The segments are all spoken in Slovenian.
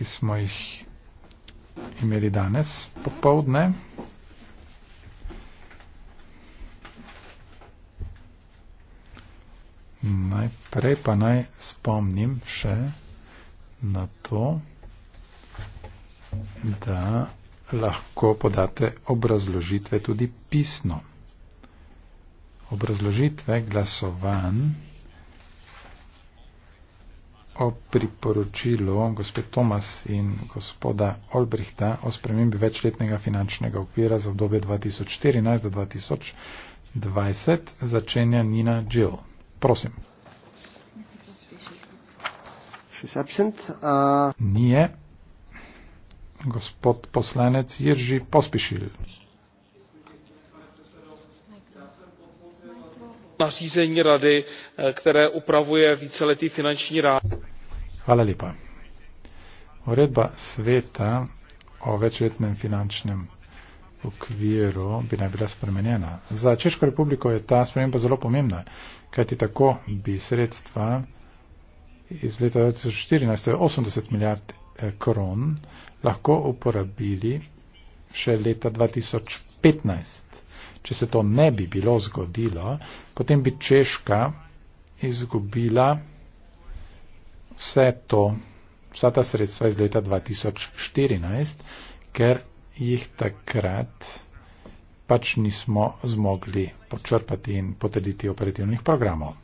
ki smo jih imeli danes popovdne. Najprej pa naj spomnim še na to, da lahko podate obrazložitve tudi pisno. Obrazložitve glasovanj o priporočilu gospe Tomas in gospoda Olbrihta o spremembi večletnega finančnega okvira za obdobje 2014 do 2020 začenja Nina Jill. Prosim. Uh, Nije. Gospod poslanec Jerži Pospišil. Nařízení rady, eh, které upravuje víceletý finanční rámec. Hvala lepa. Uredba sveta o večletnem finančnem okviru bi naj bila spremenjena. Za Češko republiko je ta sprememba zelo pomembna, kajti tako bi sredstva iz leta 2014, to je 80 milijard eh, kron, lahko uporabili še leta 2015. Če se to ne bi bilo zgodilo, potem bi Češka izgubila vse to, vsa ta sredstva iz leta 2014, ker jih takrat pač nismo zmogli počrpati in potrditi operativnih programov.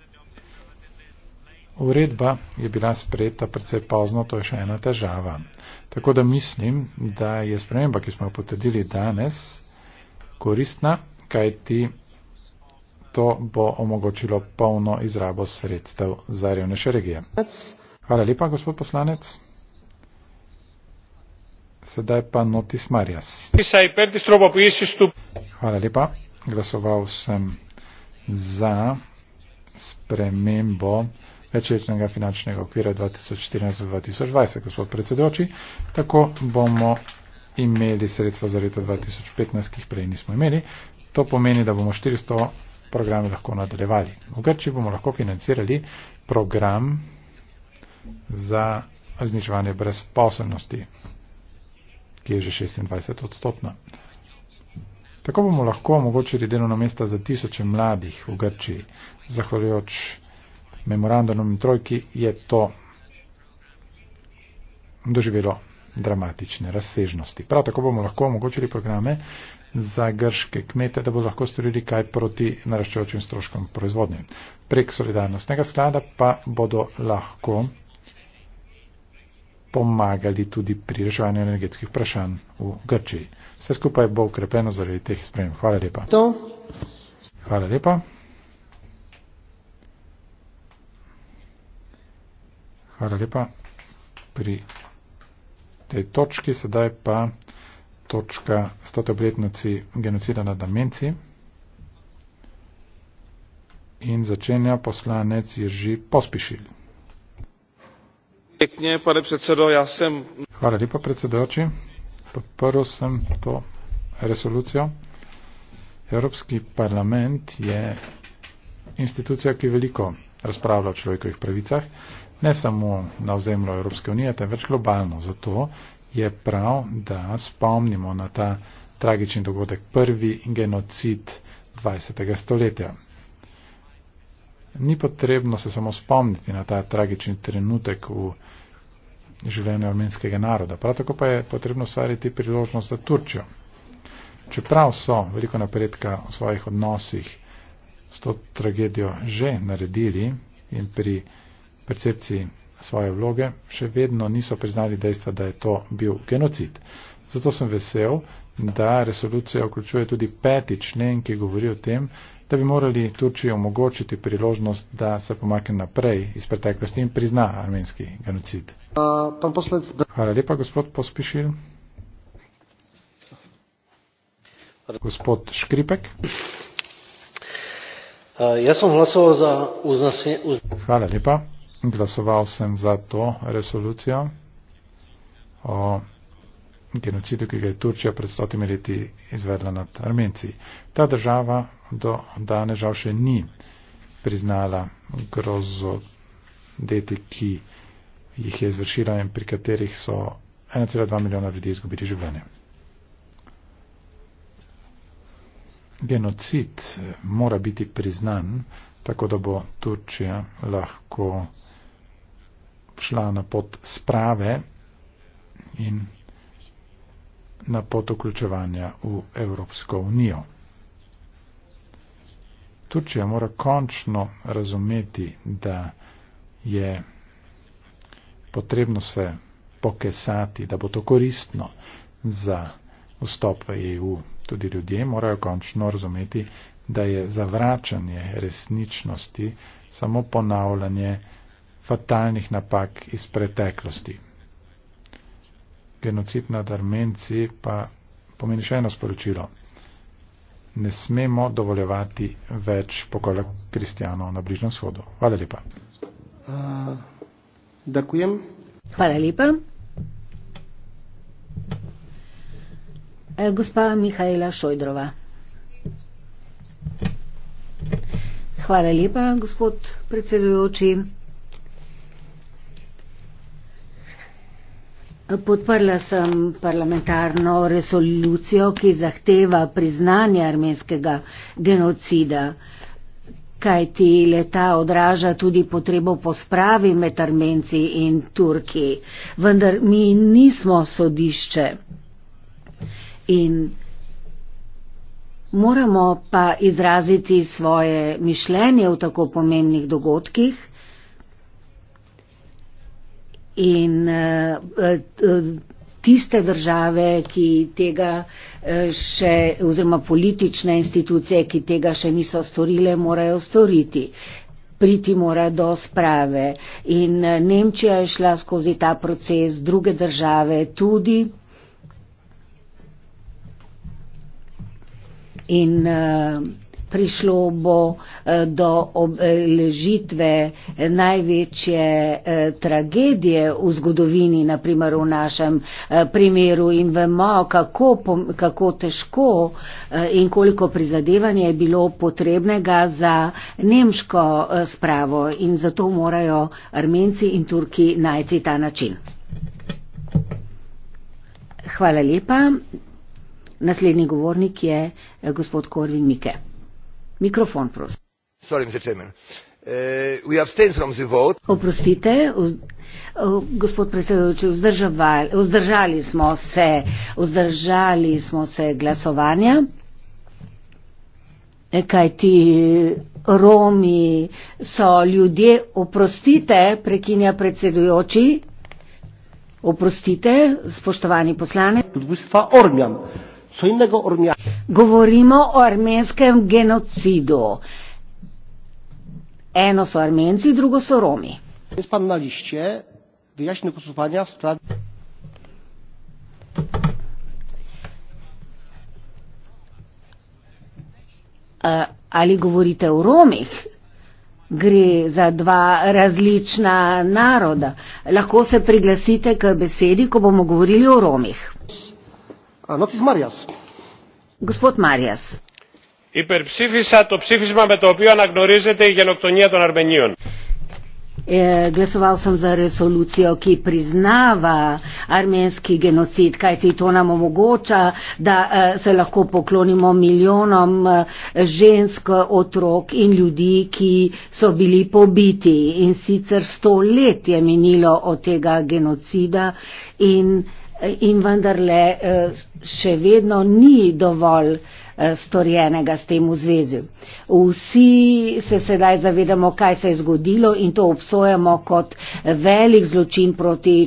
Uredba je bila sprejeta predvsej pozno, to je še ena težava. Tako da mislim, da je sprememba, ki smo jo potrdili danes, koristna, kajti to bo omogočilo polno izrabo sredstev za revnejše regije. That's Hvala lepa, gospod poslanec. Sedaj pa Notis Marjas. Hvala lepa. Glasoval sem za spremembo večletnega finančnega okvira 2014-2020, gospod predsedoči. Tako bomo imeli sredstva za leto 2015, ki jih prej nismo imeli. To pomeni, da bomo 400 programe lahko nadaljevali. V Grči bomo lahko financirali program za znižovanje brezposobnosti, ki je že 26 odstotna. Tako bomo lahko omogočili delovno mesta za tisoče mladih v Grčiji. Zahvaljujoč memorandumom in trojki je to doživelo dramatične razsežnosti. Prav tako bomo lahko omogočili programe za grške kmete, da bo lahko storili kaj proti naraščajočim stroškom proizvodnje. Prek solidarnostnega sklada pa bodo lahko pomagali tudi pri reševanju energetskih vprašanj v Grčiji. Vse skupaj bo ukrepljeno zaradi teh sprememb. Hvala lepa. To. Hvala lepa. Hvala lepa pri tej točki, sedaj pa točka 100. obletnici genocida nad Amenci. In začenja poslanec Jerzy Pospišil pane předsedo, já jsem... Hvala lepa, predsedajoči. Podporil jsem to resolucijo. Evropski parlament je institucija, ki veliko razpravlja o človekovih pravicah, ne samo na ozemlju Evropske unije, temveč globalno. Zato je prav, da spomnimo na ta tragični dogodek, prvi genocid 20. stoletja ni potrebno se samo spomniti na ta tragični trenutek v življenju armenskega naroda. Prav tako pa je potrebno stvariti priložnost za Turčjo. Čeprav so veliko napredka v svojih odnosih s to tragedijo že naredili in pri percepciji svoje vloge, še vedno niso priznali dejstva, da je to bil genocid. Zato sem vesel, da resolucija vključuje tudi peti člen, ki govori o tem, da bi morali Turčiji omogočiti priložnost, da se pomakne naprej iz preteklosti in prizna armenski genocid. Hvala lepa, gospod Pospišil. Gospod Škripek. Jaz sem glasoval za uznesenje. Hvala lepa. Glasoval sem za to resolucijo o genocidu, ki ga je Turčija pred stotimi leti izvedla nad Armenci. Ta država do danes žal še ni priznala grozo deti, ki jih je izvršila in pri katerih so 1,2 milijona ljudi izgubili življenje. Genocid eh, mora biti priznan, tako da bo Turčija lahko šla na pot sprave in na pot vključevanja v Evropsko unijo. Turčija mora končno razumeti, da je potrebno se pokesati, da bo to koristno za vstop v EU. Tudi ljudje morajo končno razumeti, da je zavračanje resničnosti samo ponavljanje fatalnih napak iz preteklosti genocid nad Armenci pa pomeni še eno sporočilo. Ne smemo dovoljevati več pokola kristijanov na Bližnjem shodu. Hvala lepa. Uh, Hvala lepa. Eh, gospa Mihajla Šojdrova. Hvala lepa, gospod predsedujoči. Podprla sem parlamentarno resolucijo, ki zahteva priznanje armenskega genocida, kajti leta odraža tudi potrebo po spravi med Armenci in Turki. Vendar mi nismo sodišče. In moramo pa izraziti svoje mišljenje v tako pomembnih dogodkih in eh, eh, tiste države, ki tega eh, še oziroma politične institucije, ki tega še niso storile, morajo storiti. Priti mora do sprave. In Nemčija je šla skozi ta proces, druge države tudi. In uh, prišlo bo eh, do obeležitve največje eh, tragedije v zgodovini, naprimer v našem eh, primeru in vemo, kako, kako težko in koliko prizadevanja je bilo potrebnega za nemško spravo in zato morajo armenci in turki najti ta način. Hvala lepa. Naslednji govornik je gospod Korvin Mike. Mikrofon, prosim. Uh, oprostite, gospod predsedujoči, vzdržali smo se, vzdržali smo se glasovanja, e, kaj ti Romi so ljudje, oprostite, prekinja predsedujoči, oprostite, spoštovani poslane. Odgustva Ormjan. Govorimo o armenskem genocidu. Eno so armenci, drugo so romi. E, ali govorite o romih? Gre za dva različna naroda. Lahko se priglasite k besedi, ko bomo govorili o romih υπερψήφισα το ψήφισμα με το οποίο αναγνωρίζεται η γενοκτονία των Αρμενίων. Glasoval sem za resolucijo, ki priznava armenski genocid, kajti to nam omogoča, da e, se lahko poklonimo milijonom e, žensk, otrok in ljudi, ki so bili pobiti. In sicer sto let je minilo od tega genocida in in vendarle eh, še vedno ni dovolj eh, Eh, storjenega s tem v zvezi. Vsi se sedaj zavedamo, kaj se je zgodilo in to obsojamo kot velik zločin proti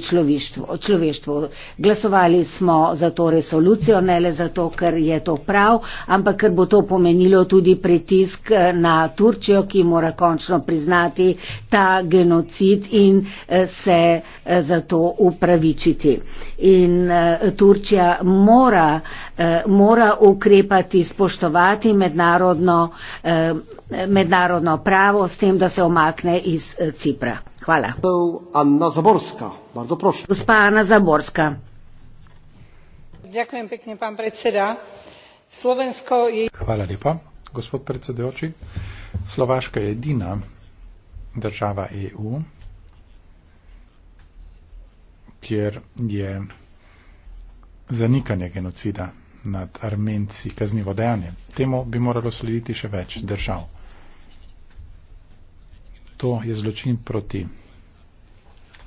človeštvu. Glasovali smo za to resolucijo, ne le zato, ker je to prav, ampak ker bo to pomenilo tudi pritisk eh, na Turčijo, ki mora končno priznati ta genocid in eh, se za to upravičiti. In Turčija mora, mora ukrepati morati spoštovati mednarodno, eh, mednarodno pravo s tem, da se omakne iz eh, Cipra. Hvala. Anna Zaborska, Gospa Anna Zaborska. Ďakujem pekne, pán predseda. Slovensko je... Hvala lepa, gospod predsedujoči. Slovaška je edina država EU, kjer je zanikanje genocida nad armenci kaznivo dejanje. Temu bi moralo slediti še več držav. To je zločin proti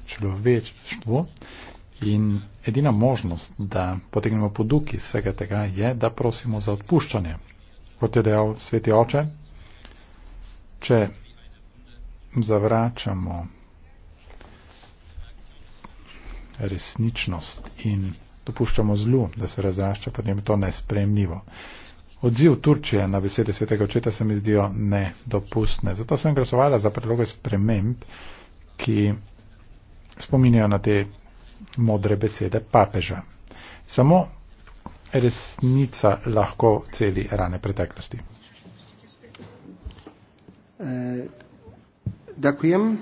človeštvu in edina možnost, da potegnemo poduki vsega tega, je, da prosimo za odpuščanje. Kot je dejal sveti oče, če zavračamo resničnost in dopuščamo zlu, da se razrašča, potem je to nespremljivo. Odziv Turčije na besede svetega očeta se mi zdijo nedopustne. Zato sem glasovala za predloge sprememb, ki spominjajo na te modre besede papeža. Samo resnica lahko celi rane preteklosti. Eh, ehm,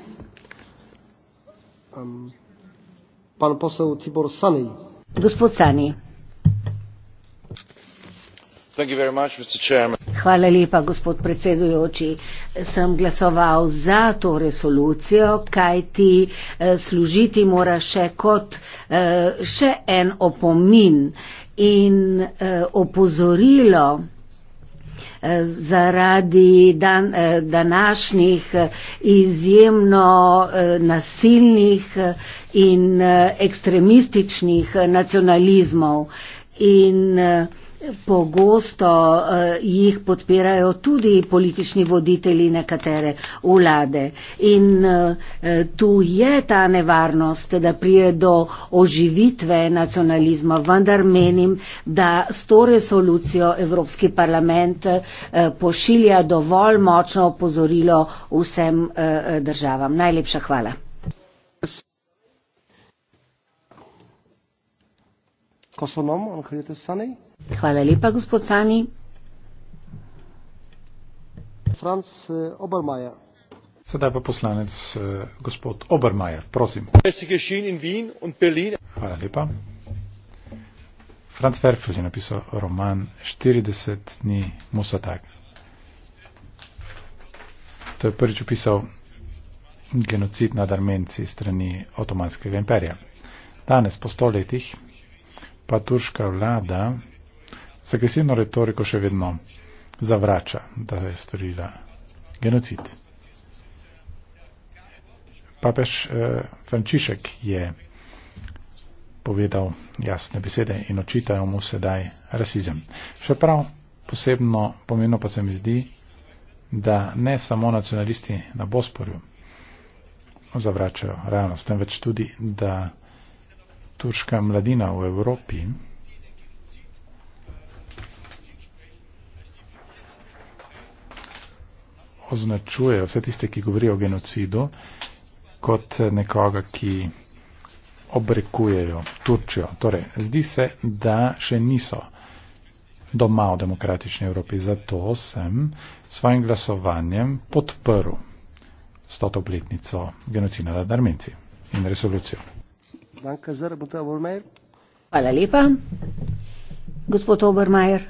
Pan poseł Tibor Sanej gospod sani Hvala lepa, gospod predsedujoči. Sem glasoval za to resolucijo, kajti eh, služiti mora še kot eh, še en opomin in eh, opozorilo zaradi dan, eh, današnjih eh, izjemno eh, nasilnih in ekstremističnih nacionalizmov. In uh, Pogosto uh, jih podpirajo tudi politični voditelji nekatere vlade. In uh, tu je ta nevarnost, da prije do oživitve nacionalizma, vendar menim, da s to resolucijo Evropski parlament uh, pošilja dovolj močno opozorilo vsem uh, državam. Najlepša hvala. Kosonom, on hrjete sanej? Hvala lepa, gospod Sani. Franc eh, Obermajer. Sedaj pa poslanec eh, gospod Obermajer, prosim. Hvala lepa. Franc Werfel je napisal roman 40 dni Musatak. To je prvič opisal genocid nad Armenci strani Otomanskega imperija. Danes, po stoletjih, pa turška vlada z agresivno retoriko še vedno zavrača, da je storila genocid. Papež eh, Frančišek je povedal jasne besede in očitajo mu sedaj rasizem. Še prav posebno pomembno pa se mi zdi, da ne samo nacionalisti na Bosporju zavračajo realnost, temveč tudi, da turška mladina v Evropi označujejo, vse tiste, ki govorijo o genocidu, kot nekoga, ki obrekujejo Turčijo. Torej, zdi se, da še niso doma v demokratični Evropi. Zato sem svojim glasovanjem podprl stoto obletnico genocida nad Armenci in resolucijo. Hvala lepa. Gospod Obermajer,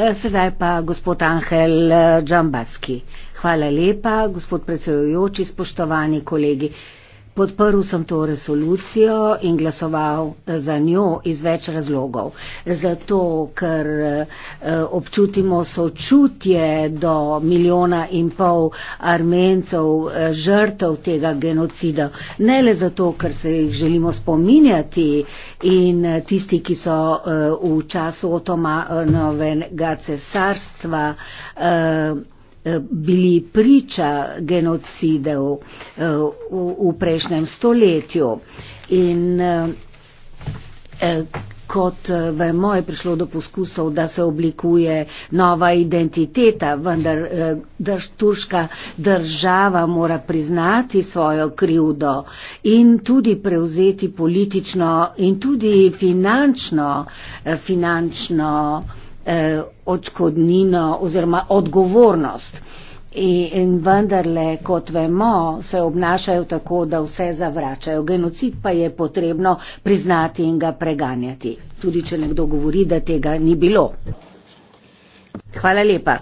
Eh, sedaj pa gospod Angel eh, Džambacki. Hvala lepa, gospod predsedujoči, spoštovani kolegi. Podprl sem to resolucijo in glasoval eh, za njo iz več razlogov. Zato, ker eh, občutimo sočutje do milijona in pol armencev eh, žrtev tega genocida. Ne le zato, ker se jih želimo spominjati in tisti, ki so v času Otomanovega cesarstva Eh, bili priča genocidev eh, v prejšnjem stoletju. In eh, kot vemo, je prišlo do poskusov, da se oblikuje nova identiteta, vendar drž, turška država mora priznati svojo krivdo in tudi prevzeti politično in tudi finančno, finančno eh, odškodnino oziroma odgovornost. In, in vendarle, kot vemo, se obnašajo tako, da vse zavračajo. Genocid pa je potrebno priznati in ga preganjati, tudi če nekdo govori, da tega ni bilo. Hvala lepa.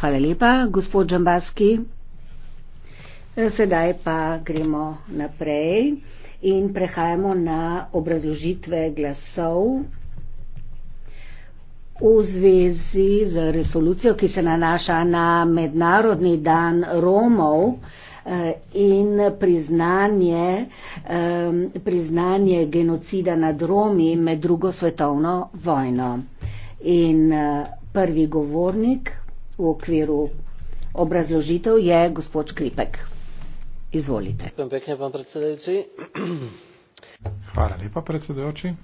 Hvala lepa, gospod Džambaski. Eh, sedaj pa gremo naprej in prehajamo na obrazložitve glasov. V zvezi z resolucijo, ki se nanaša na mednarodni dan Romov eh, in priznanje, priznanje genocida nad Romi med drugo svetovno vojno. In eh, prvi govornik v okviru obrazložitev je gospod Škripek. Izvolite. Hvala lepa, predsedujoči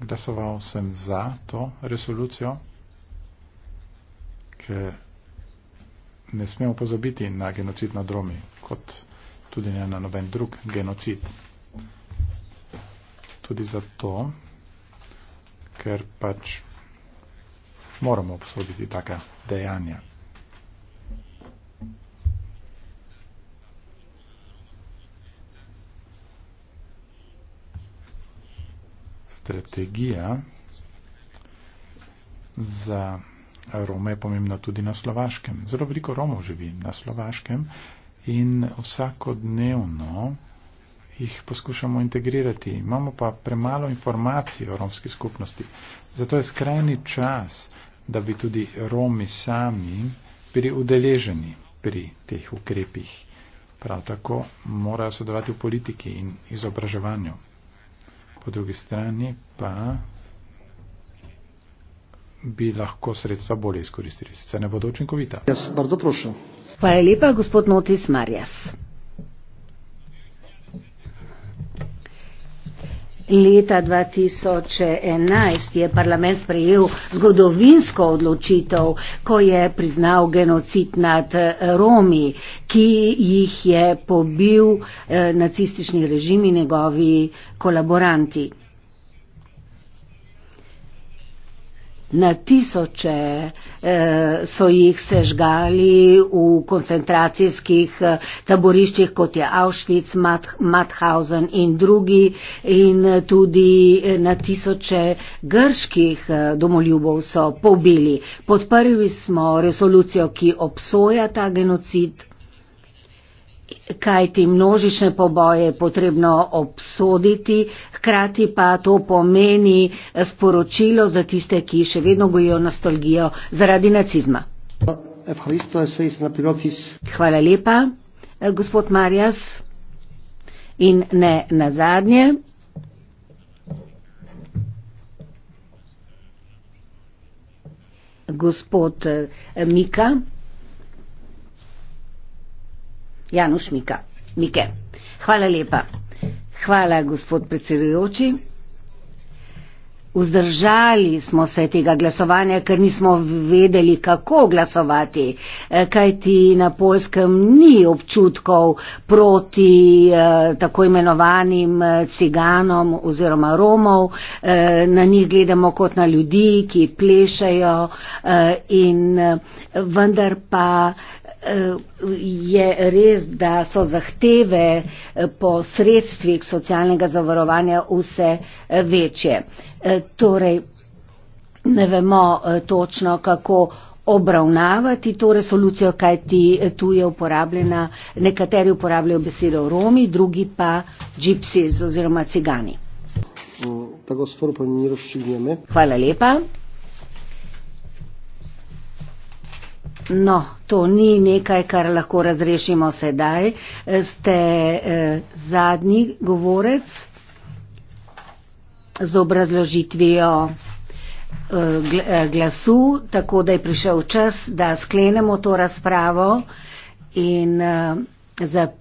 glasoval sem za to resolucijo, ker ne smemo pozabiti na genocid nad Romi, kot tudi ne na noben drug genocid. Tudi zato, ker pač moramo obsoditi taka dejanja. strategija za Rome je pomembna tudi na Slovaškem. Zelo veliko Romov živi na Slovaškem in vsakodnevno jih poskušamo integrirati. Imamo pa premalo informacij o romski skupnosti. Zato je skrajni čas, da bi tudi Romi sami bili udeleženi pri teh ukrepih. Prav tako morajo sodelovati v politiki in izobraževanju po drugi strani pa bi lahko sredstva bolje izkoristili, sicer ne bodo učinkovita. Jaz, bardzo prosim. Hvala lepa, gospod Notis Marjas. Leta 2011 je parlament sprejel zgodovinsko odločitev, ko je priznal genocid nad eh, Romi, ki jih je pobil eh, nacistični režim in njegovi kolaboranti. Na tisoče eh, so jih sežgali v koncentracijskih eh, taboriščih, kot je Auschwitz, Mauthausen in drugi, in eh, tudi eh, na tisoče grških domoljubov so pobili. Podprli smo resolucijo, ki obsoja ta genocid kaj ti množične poboje je potrebno obsoditi, hkrati pa to pomeni sporočilo za tiste, ki še vedno gojijo nostalgijo zaradi nacizma. Hvala lepa, eh, gospod Marjas. In ne na zadnje. Gospod eh, Mika. Januš Mika. Mike. Hvala lepa. Hvala, gospod predsedujoči. Vzdržali smo se tega glasovanja, ker nismo vedeli, kako glasovati, eh, kajti na polskem ni občutkov proti eh, tako imenovanim eh, ciganom oziroma romov. Na njih gledamo kot na ljudi, ki plešajo in vendar pa. Je res, da so zahteve po sredstvih socialnega zavarovanja vse večje. Eh, torej ne vemo eh, točno, kako obravnavati to resolucijo, kaj ti eh, tu je uporabljena. Nekateri uporabljajo besedo Romi, drugi pa Gypsy oziroma Cigani. No, Hvala lepa. No, to ni nekaj, kar lahko razrešimo sedaj. Ste eh, zadnji govorec z obrazložitvijo eh, eh, glasu, tako da je prišel čas, da sklenemo to razpravo in eh, zapišemo.